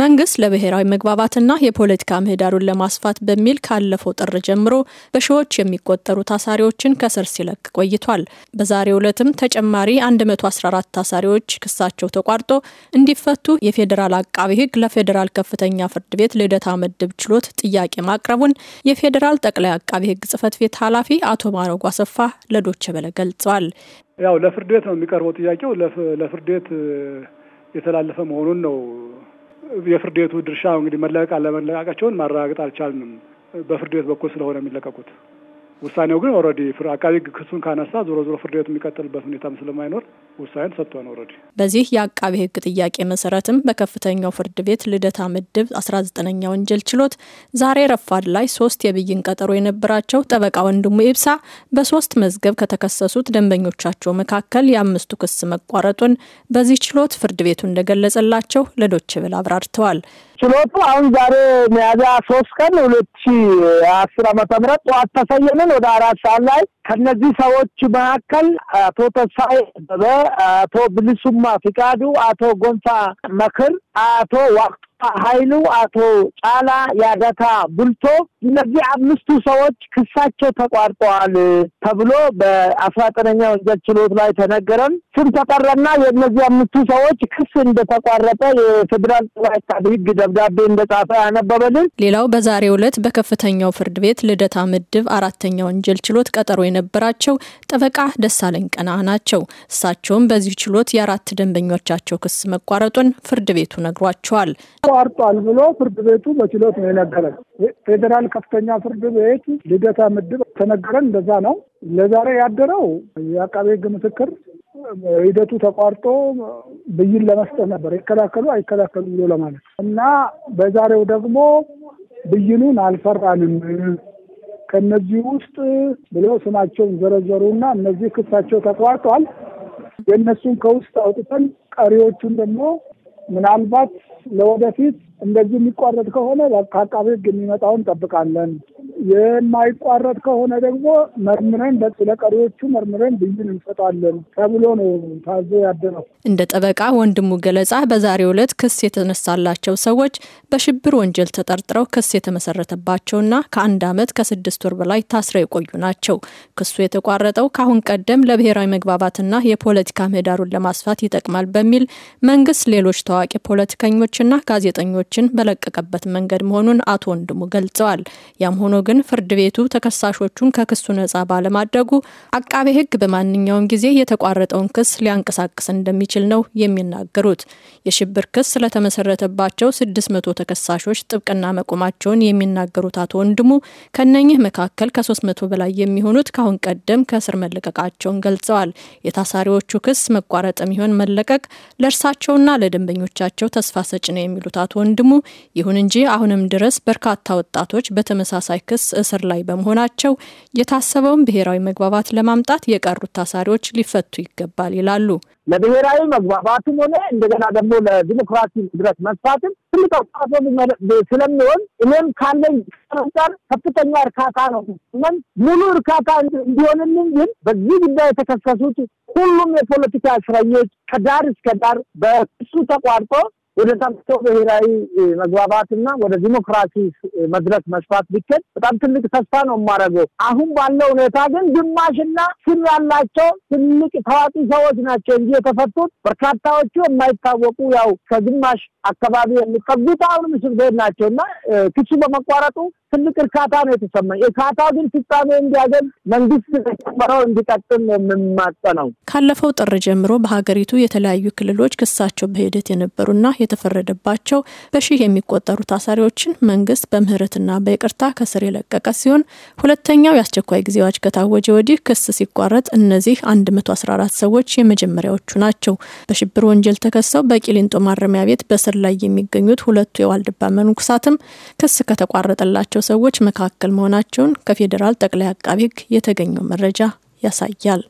መንግስት ለብሔራዊ መግባባትና የፖለቲካ ምህዳሩን ለማስፋት በሚል ካለፈው ጥር ጀምሮ በሺዎች የሚቆጠሩ ታሳሪዎችን ከስር ሲለቅ ቆይቷል። በዛሬው ዕለትም ተጨማሪ 114 ታሳሪዎች ክሳቸው ተቋርጦ እንዲፈቱ የፌዴራል አቃቢ ህግ ለፌዴራል ከፍተኛ ፍርድ ቤት ልደታ ምድብ ችሎት ጥያቄ ማቅረቡን የፌዴራል ጠቅላይ አቃቢ ህግ ጽህፈት ቤት ኃላፊ አቶ ማረጉ አሰፋ ለዶቼ ቬለ ገልጸዋል። ያው ለፍርድ ቤት ነው የሚቀርበው ጥያቄው ለፍርድ ቤት የተላለፈ መሆኑን ነው የፍርድ ቤቱ ድርሻ እንግዲህ መለቀቅ አለመለቃቃቸውን ማረጋገጥ አልቻልንም። በፍርድ ቤት በኩል ስለሆነ የሚለቀቁት ውሳኔው ግን ኦልሬዲ አቃቢ ክሱን ካነሳ ዞሮ ዞሮ ፍርድ ቤት የሚቀጥልበት ሁኔታም ስለማይኖር ውሳኔን ሰጥቷን ኦልሬዲ በዚህ የአቃቢ ህግ ጥያቄ መሰረትም በከፍተኛው ፍርድ ቤት ልደታ ምድብ አስራ ዘጠነኛ ወንጀል ችሎት ዛሬ ረፋድ ላይ ሶስት የብይን ቀጠሮ የነበራቸው ጠበቃ ወንድሙ ኢብሳ በሶስት መዝገብ ከተከሰሱት ደንበኞቻቸው መካከል የአምስቱ ክስ መቋረጡን በዚህ ችሎት ፍርድ ቤቱ እንደገለጸላቸው ለዶችብል አብራርተዋል። ችሎቱ አሁን ዛሬ ሚያዝያ ሶስት ቀን ሁለት ሺ አስር አመተ ምህረት ጠዋት ተሰየምን ወደ አራት ሰዓት ላይ ከነዚህ ሰዎች መካከል አቶ ተስፋዬ ደበበ፣ አቶ ብልሱማ ፍቃዱ፣ አቶ ጎንፋ መክር፣ አቶ ዋቅቱ ኃይሉ፣ አቶ ጫላ ያዳታ ቡልቶ እነዚህ አምስቱ ሰዎች ክሳቸው ተቋርጠዋል ተብሎ በአስራ ዘጠነኛ ወንጀል ችሎት ላይ ተነገረም። ስም ተጠራና የእነዚህ አምስቱ ሰዎች ክስ እንደተቋረጠ የፌዴራል ጠቅላይ አቃቤ ሕግ ደብዳቤ እንደጻፈ ያነበበልን። ሌላው በዛሬው ዕለት በከፍተኛው ፍርድ ቤት ልደታ ምድብ አራተኛ ወንጀል ችሎት ቀጠሮ የነበራቸው ጠበቃ ደሳለኝ ቀና ናቸው። እሳቸውም በዚህ ችሎት የአራት ደንበኞቻቸው ክስ መቋረጡን ፍርድ ቤቱ ነግሯቸዋል። ተቋርጧል ብሎ ፍርድ ቤቱ በችሎት ነው የነገረን። ፌዴራል ከፍተኛ ፍርድ ቤት ልደታ ምድብ ተነገረን። እንደዛ ነው ለዛሬ ያደረው የአቃቤ ሕግ ምስክር ሂደቱ ተቋርጦ ብይን ለመስጠት ነበር ይከላከሉ አይከላከሉ ብሎ ለማለት እና በዛሬው ደግሞ ብይኑን አልፈራንም ከነዚህ ውስጥ ብሎ ስማቸውን ዘረዘሩና እነዚህ ክሳቸው ተቋርጧል የእነሱን ከውስጥ አውጥተን ቀሪዎቹን ደግሞ ምናልባት ለወደፊት እንደዚህ የሚቋረጥ ከሆነ ከአቃቤ ሕግ የሚመጣውን እንጠብቃለን። የማይቋረጥ ከሆነ ደግሞ መርምረን ለቀሪዎቹ መርምረን ብይን እንሰጣለን ተብሎ ነው ታዞ ያደረው። እንደ ጠበቃ ወንድሙ ገለጻ በዛሬው ዕለት ክስ የተነሳላቸው ሰዎች በሽብር ወንጀል ተጠርጥረው ክስ የተመሰረተባቸውና ከአንድ ዓመት ከስድስት ወር በላይ ታስረው የቆዩ ናቸው። ክሱ የተቋረጠው ከአሁን ቀደም ለብሔራዊ መግባባትና የፖለቲካ ምህዳሩን ለማስፋት ይጠቅማል በሚል መንግስት ሌሎች ታዋቂ ፖለቲከኞችና ጋዜጠኞችን በለቀቀበት መንገድ መሆኑን አቶ ወንድሙ ገልጸዋል። ያም ሆኖ ግን ፍርድ ቤቱ ተከሳሾቹን ከክሱ ነጻ ባለማድረጉ አቃቤ ሕግ በማንኛውም ጊዜ የተቋረጠውን ክስ ሊያንቀሳቅስ እንደሚችል ነው የሚናገሩት። የሽብር ክስ ስለተመሰረተባቸው 600 ተከሳሾች ጥብቅና መቆማቸውን የሚናገሩት አቶ ወንድሙ ከነኚህ መካከል ከ300 በላይ የሚሆኑት ካሁን ቀደም ከእስር መለቀቃቸውን ገልጸዋል። የታሳሪዎቹ ክስ መቋረጥ የሚሆን መለቀቅ ለእርሳቸውና ለደንበኞቻቸው ተስፋ ሰጭ ነው የሚሉት አቶ ወንድሙ ይሁን እንጂ አሁንም ድረስ በርካታ ወጣቶች በተመሳሳይ ክስ ድረስ እስር ላይ በመሆናቸው የታሰበውን ብሔራዊ መግባባት ለማምጣት የቀሩት ታሳሪዎች ሊፈቱ ይገባል ይላሉ። ለብሔራዊ መግባባትም ሆነ እንደገና ደግሞ ለዲሞክራሲ ድረስ መስፋትም ትልቅ አስተዋጽኦ ስለሚሆን እኔም ካለኝ ጋር ከፍተኛ እርካታ ነው። ሙሉ እርካታ እንዲሆንልን ግን በዚህ ጉዳይ የተከሰሱት ሁሉም የፖለቲካ እስረኞች ከዳር እስከ ዳር በክሱ ተቋርጦ ወደ ታምቶ ብሔራዊ መግባባትና ወደ ዲሞክራሲ መድረክ መስፋት ቢችል በጣም ትልቅ ተስፋ ነው የማደርገው። አሁን ባለው ሁኔታ ግን ግማሽና ስም ያላቸው ትልቅ ታዋቂ ሰዎች ናቸው እንጂ የተፈቱት በርካታዎቹ የማይታወቁ ያው ከግማሽ አካባቢ የሚጠጉት አሁንም እስር ቤት ናቸው እና ክሱ በመቋረጡ ትልቅ እርካታ ነው የተሰማኝ። እርካታ ግን ፍጻሜ እንዲያገኝ መንግስት ተጨምረው እንዲቀጥል የምማጸ ነው። ካለፈው ጥር ጀምሮ በሀገሪቱ የተለያዩ ክልሎች ክሳቸው በሂደት የነበሩና የተፈረደባቸው በሺህ የሚቆጠሩ ታሳሪዎችን መንግስት በምህረትና በይቅርታ ከስር የለቀቀ ሲሆን ሁለተኛው የአስቸኳይ ጊዜ አዋጅ ከታወጀ ወዲህ ክስ ሲቋረጥ እነዚህ 114 ሰዎች የመጀመሪያዎቹ ናቸው። በሽብር ወንጀል ተከሰው በቂሊንጦ ማረሚያ ቤት በስር ላይ የሚገኙት ሁለቱ የዋልድባ መንኩሳትም ክስ ከተቋረጠላቸው ሰዎች መካከል መሆናቸውን ከፌዴራል ጠቅላይ አቃቢ ህግ የተገኘው መረጃ ያሳያል።